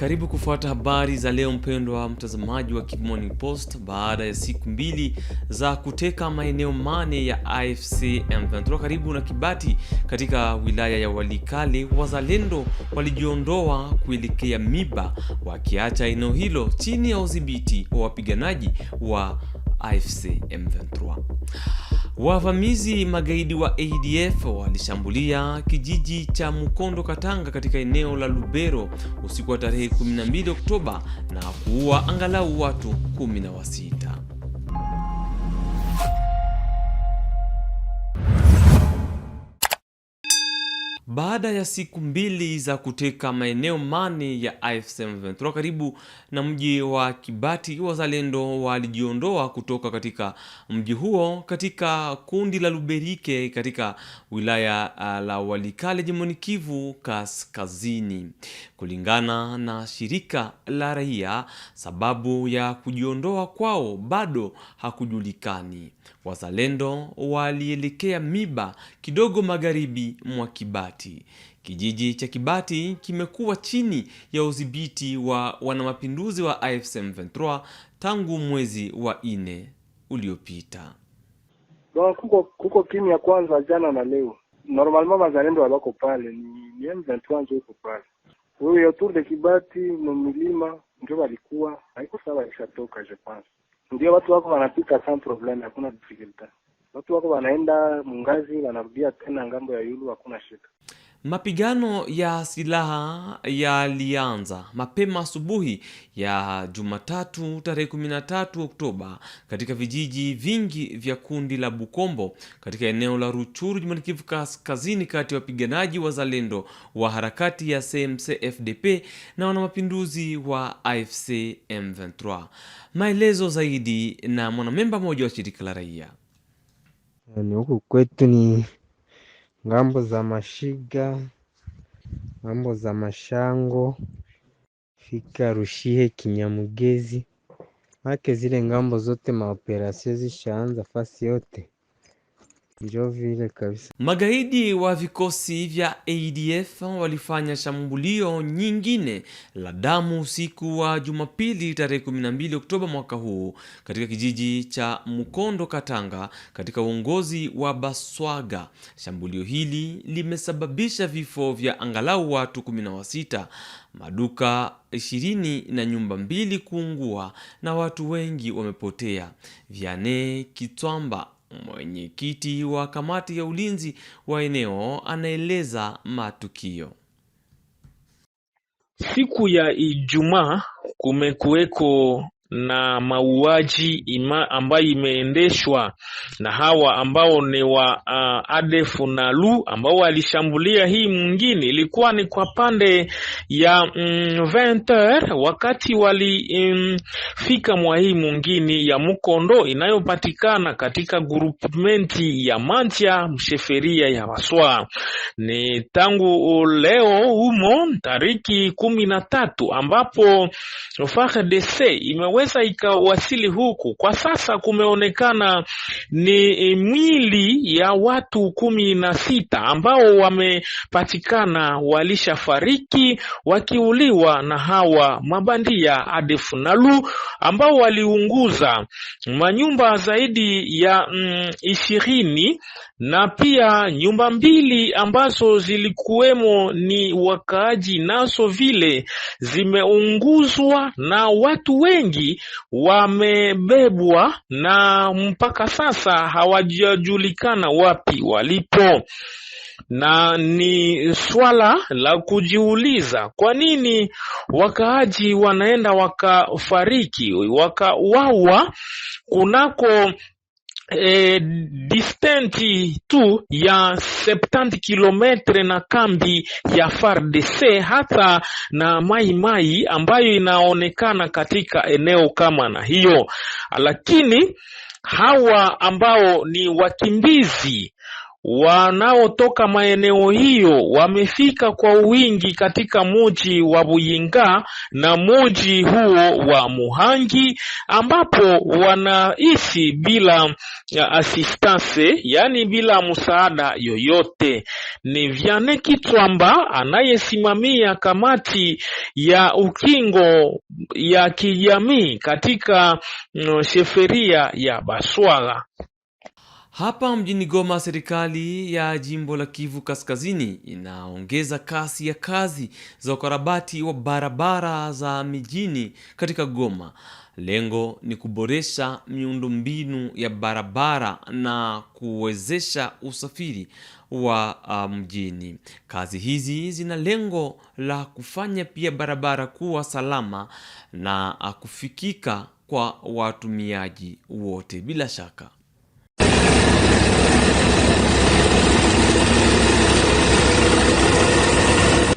Karibu kufuata habari za leo, mpendwa mtazamaji wa Kimoni Post. Baada ya siku mbili za kuteka maeneo mane ya AFC M23 karibu na Kibati katika wilaya ya Walikale, wazalendo walijiondoa kuelekea Miba, wakiacha eneo hilo chini ya udhibiti wa wapiganaji wa AFC M23. Wavamizi magaidi wa ADF walishambulia kijiji cha Mukondo Katanga katika eneo la Lubero usiku wa tarehe 12 Oktoba na kuua angalau watu 16. Baada ya siku mbili za kuteka maeneo mane ya AFC M23 karibu na mji wa Kibati, wazalendo walijiondoa kutoka katika mji huo katika kundi la Luberike katika wilaya ah, la Walikale jimboni Kivu Kaskazini, kulingana na shirika la raia. Sababu ya kujiondoa kwao bado hakujulikani. Wazalendo walielekea Miba kidogo magharibi mwa Kibati. Kijiji cha Kibati kimekuwa chini ya udhibiti wa wanamapinduzi wa AFC M23 tangu mwezi wa nne uliopita. Kuko, kuko ya kwanza jana na leo. Normalement wazalendo wabako pale ni, ni M23 ndio pale. Huyo tour de Kibati na milima ndio walikuwa haiko sawa, ishatoka je pense ndio watu wako wanapika sans problem, hakuna difficulty. Watu wako wanaenda mungazi wanarudia tena ngambo ya yulu, hakuna shida. Mapigano ya silaha yalianza mapema asubuhi ya Jumatatu tarehe 13 Oktoba katika vijiji vingi vya kundi la Bukombo katika eneo la Ruchuru jumanikivu Kaskazini, kati ya wapiganaji wazalendo wa harakati ya CMC-FDP na wanamapinduzi wa AFC M23. Maelezo zaidi na mwanamemba mmoja wa shirika la raia. Eh, huku kwetu ni ngambo za Mashiga, ngambo za Mashango, fika Rushihe, Kinyamugezi make zile ngambo zote maoperasio zishaanza fasi yote. Ndio vile kabisa. Magaidi wa vikosi vya ADF walifanya shambulio nyingine la damu usiku wa Jumapili tarehe 12 Oktoba mwaka huu katika kijiji cha Mukondo Katanga katika uongozi wa Baswaga. Shambulio hili limesababisha vifo vya angalau watu 16, maduka 20 na nyumba mbili kuungua na watu wengi wamepotea. Vianney Kitwamba Mwenyekiti wa kamati ya ulinzi wa eneo anaeleza matukio. Siku ya Ijumaa kumekuweko na mauaji ambayo imeendeshwa na hawa ambao ni wa uh, ADF na LU ambao walishambulia hii mwingine, ilikuwa ni kwa pande ya mm, 20h wakati walifika mm, mwa hii mwingine ya Mkondo inayopatikana katika grupmenti ya Mantia msheferia ya Waswa. Ni tangu leo humo tariki kumi na tatu ambapo FARDC ime inaweza ikawasili huku. Kwa sasa kumeonekana ni e, mwili ya watu kumi na sita ambao wamepatikana walishafariki wakiuliwa na hawa mabandia ADF NALU ambao waliunguza manyumba zaidi ya mm, ishirini na pia nyumba mbili ambazo zilikuwemo ni wakaaji nazo vile zimeunguzwa na watu wengi mbalimbali wamebebwa na mpaka sasa hawajajulikana wapi walipo na ni swala la kujiuliza, kwa nini wakaaji wanaenda wakafariki, wakawawa kunako e, eh, distanti tu ya 70 kilometre na kambi ya FARDC hata na Mai Mai ambayo inaonekana katika eneo kama na hiyo, lakini hawa ambao ni wakimbizi wanaotoka maeneo hiyo wamefika kwa wingi katika muji wa Buyinga na muji huo wa Muhangi, ambapo wanaishi bila assistance, yani bila msaada yoyote. Ni Vianney Kitwamba anayesimamia kamati ya ukingo ya kijamii katika mm, sheferia ya Baswala. Hapa mjini Goma, serikali ya jimbo la Kivu Kaskazini inaongeza kasi ya kazi za ukarabati wa barabara za mijini katika Goma. Lengo ni kuboresha miundombinu ya barabara na kuwezesha usafiri wa uh, mjini. Kazi hizi zina lengo la kufanya pia barabara kuwa salama na uh, kufikika kwa watumiaji wote bila shaka.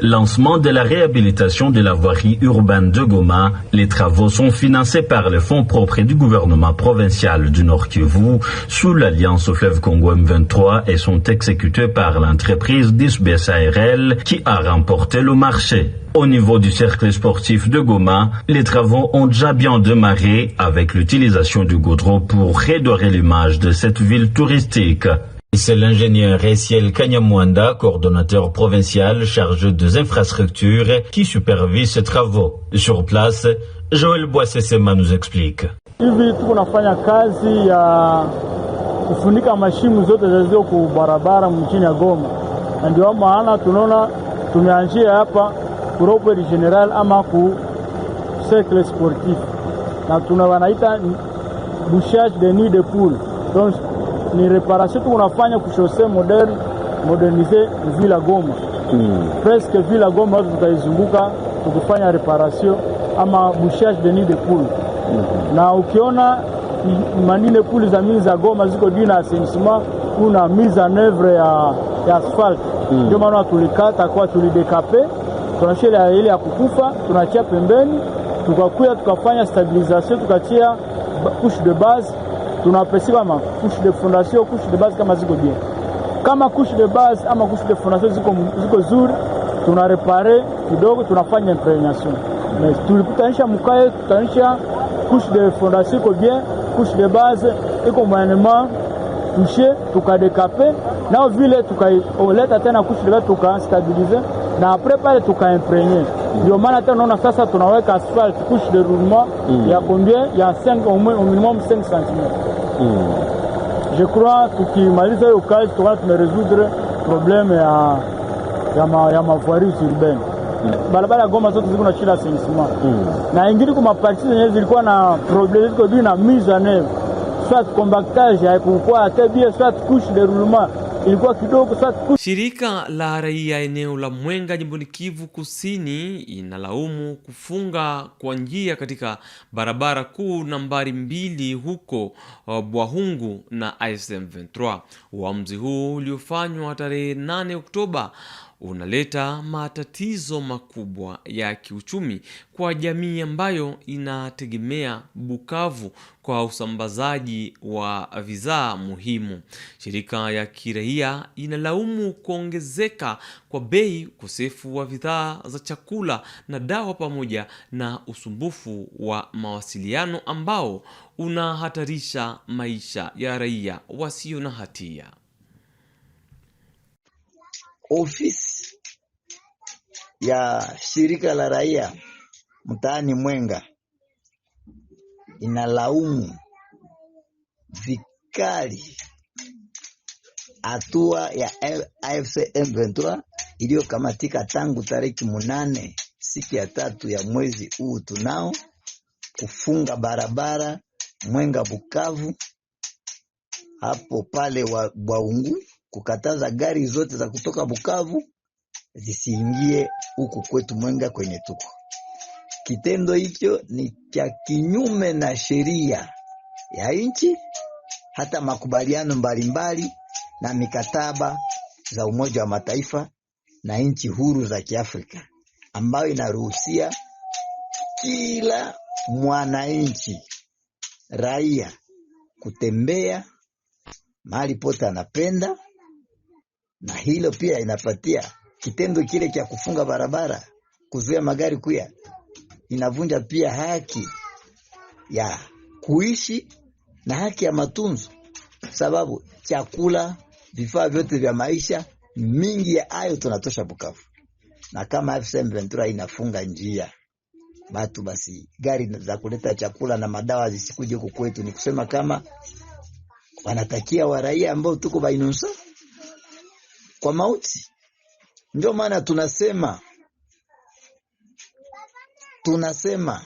lancement de la réhabilitation de la voirie urbaine de Goma. Les travaux sont financés par les fonds propres du gouvernement provincial du Nord Kivu sous l'alliance au fleuve Congo M23 et sont exécutés par l'entreprise 10BSARL qui a remporté le marché. Au niveau du cercle sportif de Goma, les travaux ont déjà bien démarré avec l'utilisation du goudron pour redorer l'image de cette ville touristique. C'est l'ingénieur Réciel Kanyamwanda, coordonnateur provincial chargé des infrastructures, qui supervise ces travaux. Sur place, Joël Boissessema nous explique. Hivi tuko nafanya kazi ya kufunika mashimu zote zilizo ku barabara mchini ya Goma, na ndio maana tunaona tumeanzia hapa kuroperi general ama ku cercle sportif, na tuna wanaita bouchage de nid de poule donc ni reparation tunafanya kushose moderne modernize Villa Goma mm. presque Villa Goma watu tutaizunguka tukifanya reparation ama bushage de nid de poule mm -hmm. na ukiona manine puli za mili za Goma ziko juu na asenisema kuna mise en oeuvre ya, ya asfalt hmm. ndio maana tulikata kwa tulidekape tunashela ile ya kukufa tunachia pembeni tukakuya tukafanya stabilization tukachia couche de base tunapesiwa ama kushe de fondation kushe de base kama ziko bien, kama kushe de base ama kushe de fondation ziko, ziko zuri, repare kidogo, tunafanya impregnation mais tulikutanisha mukae tutanisha kushe de fondation iko bien, kushe de base iko mwanema tushe tukadekape nao vile tukaoleta tena kushe de base tukastabilize na apres pale tukaimpregne ndio maana hata unaona sasa tunaweka asfalti couche de roulement mm. ya combien ya 5 au minimum 5 cm Hmm. Je crois tukimaliza hiyo kazi tukawa tumeresoudre probleme ya, ya, ma, ya mavoirie urbaine mm. barabara ya Goma zote ziko na shida asinisima mm. na ingine kuma parti zenyewe zilikuwa na probleme ziko juu na mise en oeuvre soit compactage haikukuwa hata bie soit couche de roulement ilikuwa kidogo sasa. Shirika la raia eneo la Mwenga jimboni Kivu Kusini inalaumu kufunga kwa njia katika barabara kuu nambari mbili huko uh, Bwahungu na ISM 23 Uamuzi huu uliofanywa tarehe 8 Oktoba unaleta matatizo makubwa ya kiuchumi kwa jamii ambayo inategemea Bukavu kwa usambazaji wa vizaa muhimu. Shirika ya kiraia inalaumu kuongezeka kwa bei, ukosefu wa bidhaa za chakula na dawa, pamoja na usumbufu wa mawasiliano ambao unahatarisha maisha ya raia wasio na hatia. Ofisi ya shirika la raia mtaani Mwenga inalaumu vikali hatua ya AFC M23 iliyokamatika tangu tariki munane siku ya tatu ya mwezi huu tunao kufunga barabara Mwenga Bukavu hapo pale wa Bwaungu, kukataza gari zote za kutoka Bukavu zisiingie huku kwetu Mwenga kwenye tuko. Kitendo hicho ni cha kinyume na sheria ya nchi, hata makubaliano mbalimbali na mikataba za Umoja wa Mataifa na nchi huru za Kiafrika ambayo inaruhusia kila mwananchi raia kutembea mahali pote anapenda, na hilo pia inapatia kitendo kile cha kufunga barabara, kuzuia magari kuya, inavunja pia haki ya kuishi na haki ya matunzo, sababu chakula, vifaa vyote vya maisha mingi ya ayo tunatosha Bukavu, na kama afisa Ventura inafunga njia batu, basi gari za kuleta chakula na madawa zisikuje huko kwetu. Ni kusema kama wanatakia waraia ambao tuko bainusa kwa mauti ndio maana tunasema tunasema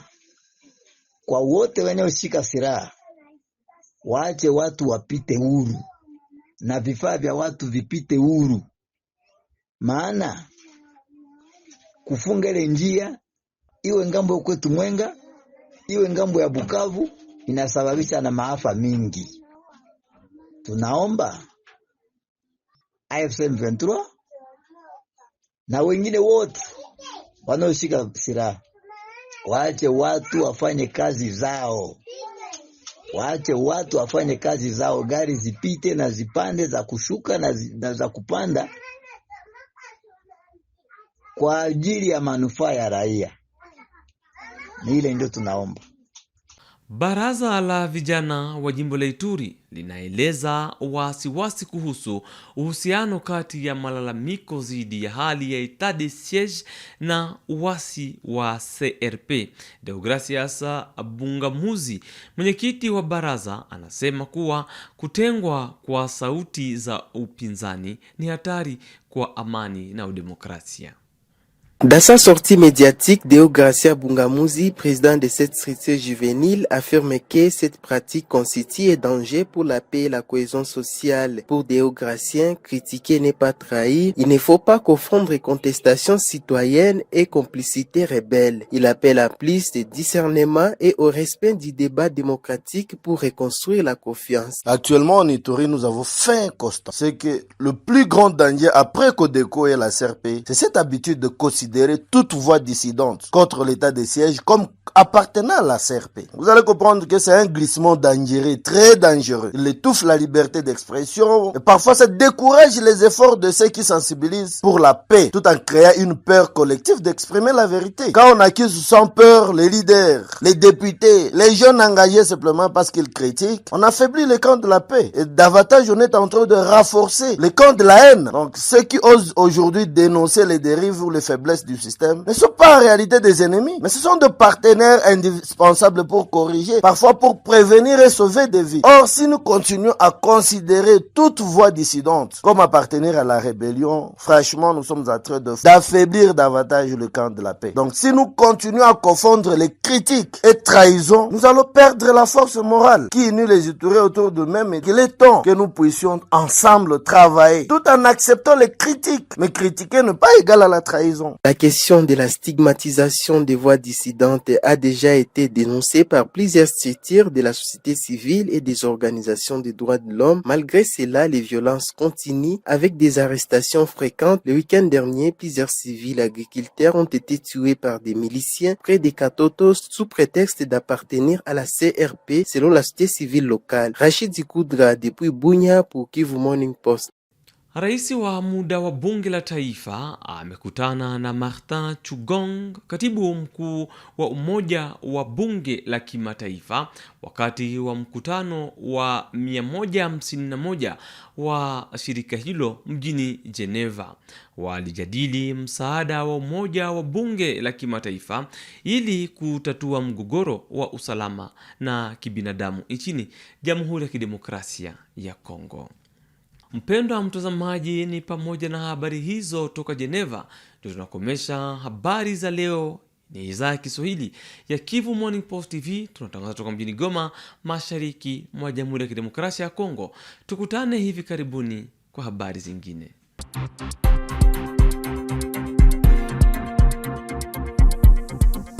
kwa wote wanaoshika silaha waache watu wapite huru na vifaa vya watu vipite huru, maana kufunga ile njia iwe ngambo ya kwetu Mwenga iwe ngambo ya Bukavu inasababisha na maafa mingi. Tunaomba AFC M23 na wengine wote wanaoshika silaha waache watu wafanye kazi zao, waache watu wafanye kazi zao. Gari zipite na zipande za kushuka na, zi, na za kupanda kwa ajili ya manufaa ya raia. Ni ile ndio tunaomba. Baraza la vijana wa jimbo la Ituri linaeleza wasiwasi kuhusu uhusiano kati ya malalamiko dhidi ya hali ya etat de siege na uasi wa CRP. Deogracias Bungamuzi, mwenyekiti wa baraza, anasema kuwa kutengwa kwa sauti za upinzani ni hatari kwa amani na udemokrasia. Dans sa sortie médiatique, Deo Gracia Bungamuzi, président de cette structure juvénile, affirme que cette pratique constitue un danger pour la paix et la cohésion sociale. Pour Deo Gracien, critiquer n'est pas trahir. Il ne faut pas confondre contestation citoyenne et complicité rebelle. Il appelle à plus de discernement et au respect du débat démocratique pour reconstruire la confiance. Actuellement, en Itourie, nous avons fait constat. C'est que le plus grand danger après Codeco et la CRP, c'est cette habitude de considérer considérer toute voix dissidente contre l'état de siège comme appartenant à la CRP. Vous allez comprendre que c'est un glissement dangereux, très dangereux. Il étouffe la liberté d'expression et parfois ça décourage les efforts de ceux qui sensibilisent pour la paix tout en créant une peur collective d'exprimer la vérité. Quand on accuse sans peur les leaders, les députés, les jeunes engagés simplement parce qu'ils critiquent, on affaiblit les camps de la paix et davantage on est en train de renforcer les camps de la haine. Donc ceux qui osent aujourd'hui dénoncer les dérives ou les faiblesses du système ne sont pas en réalité des ennemis, mais ce sont des partenaires indispensables pour corriger, parfois pour prévenir et sauver des vies. Or, si nous continuons à considérer toute voie dissidente comme appartenir à la rébellion, franchement, nous sommes en train d'affaiblir davantage le camp de la paix. Donc, si nous continuons à confondre les critiques et trahisons, nous allons perdre la force morale qui nous les autour autour de nous. et qu'il est temps que nous puissions ensemble travailler tout en acceptant les critiques. Mais critiquer n'est pas égal à la trahison. La question de la stigmatisation des voix dissidentes a déjà été dénoncée par plusieurs titres de la société civile et des organisations des droits de l'homme. Malgré cela, les violences continuent avec des arrestations fréquentes. Le week-end dernier, plusieurs civils agriculteurs ont été tués par des miliciens près des Katotos sous prétexte d'appartenir à la CRP selon la société civile locale. Rachid Zikoudra depuis Bounia pour Kivu Morning Post. Rais wa muda wa bunge la taifa amekutana na Martin Chugong, katibu mkuu wa umoja wa bunge la kimataifa, wakati wa mkutano wa 151 wa shirika hilo mjini Geneva. Walijadili msaada wa umoja wa bunge la kimataifa ili kutatua mgogoro wa usalama na kibinadamu nchini Jamhuri ya Kidemokrasia ya Kongo wa mtazamaji, ni pamoja na habari hizo toka Geneva ndio tunakomesha habari za leo. Ni idhaa ya Kiswahili ya Kivu Morning Post TV, tunatangaza toka mjini Goma, mashariki mwa Jamhuri ya Kidemokrasia ya Kongo. Tukutane hivi karibuni kwa habari zingine.